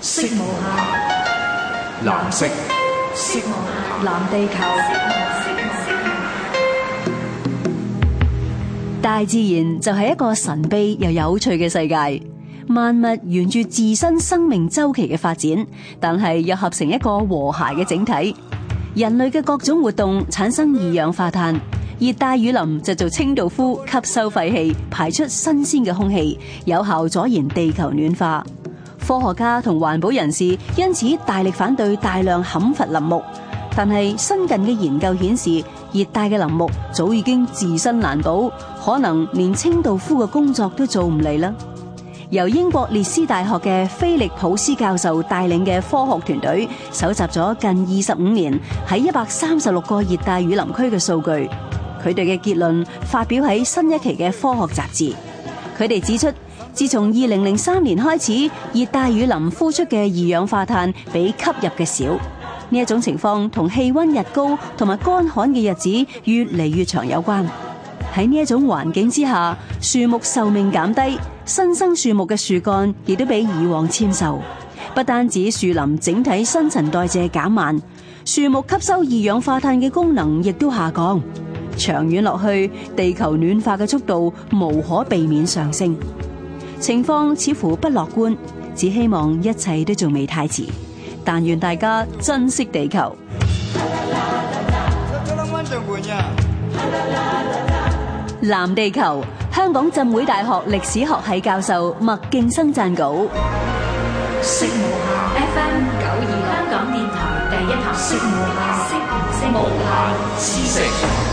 色無下，藍色，色無下，藍地球。大自然就係一個神秘又有趣嘅世界，萬物沿住自身生命周期嘅發展，但係又合成一個和諧嘅整體。人類嘅各種活動產生二氧化碳，熱帶雨林就做清道夫，吸收廢氣，排出新鮮嘅空氣，有效阻延地球暖化。科學家同環保人士因此大力反對大量砍伐林木，但係新近嘅研究顯示，熱帶嘅林木早已經自身難保，可能連清道夫嘅工作都做唔嚟啦。由英國列斯大學嘅菲利普斯教授帶領嘅科學團隊，搜集咗近二十五年喺一百三十六個熱帶雨林區嘅數據，佢哋嘅結論發表喺新一期嘅科學雜誌。佢哋指出。自從二零零三年開始，熱帶雨林呼出嘅二氧化碳比吸入嘅少。呢一種情況同氣溫日高同埋乾旱嘅日子越嚟越長有關。喺呢一種環境之下，樹木壽命減低，新生樹木嘅樹幹亦都比以往纖瘦。不單止樹林整體新陳代謝減慢，樹木吸收二氧化碳嘅功能亦都下降。長遠落去，地球暖化嘅速度無可避免上升。情況似乎不樂觀，只希望一切都仲未太遲。但願大家珍惜地球。藍地球，香港浸會大學歷史學系教授麥勁生撰稿。FM 九二，香港電台第一台。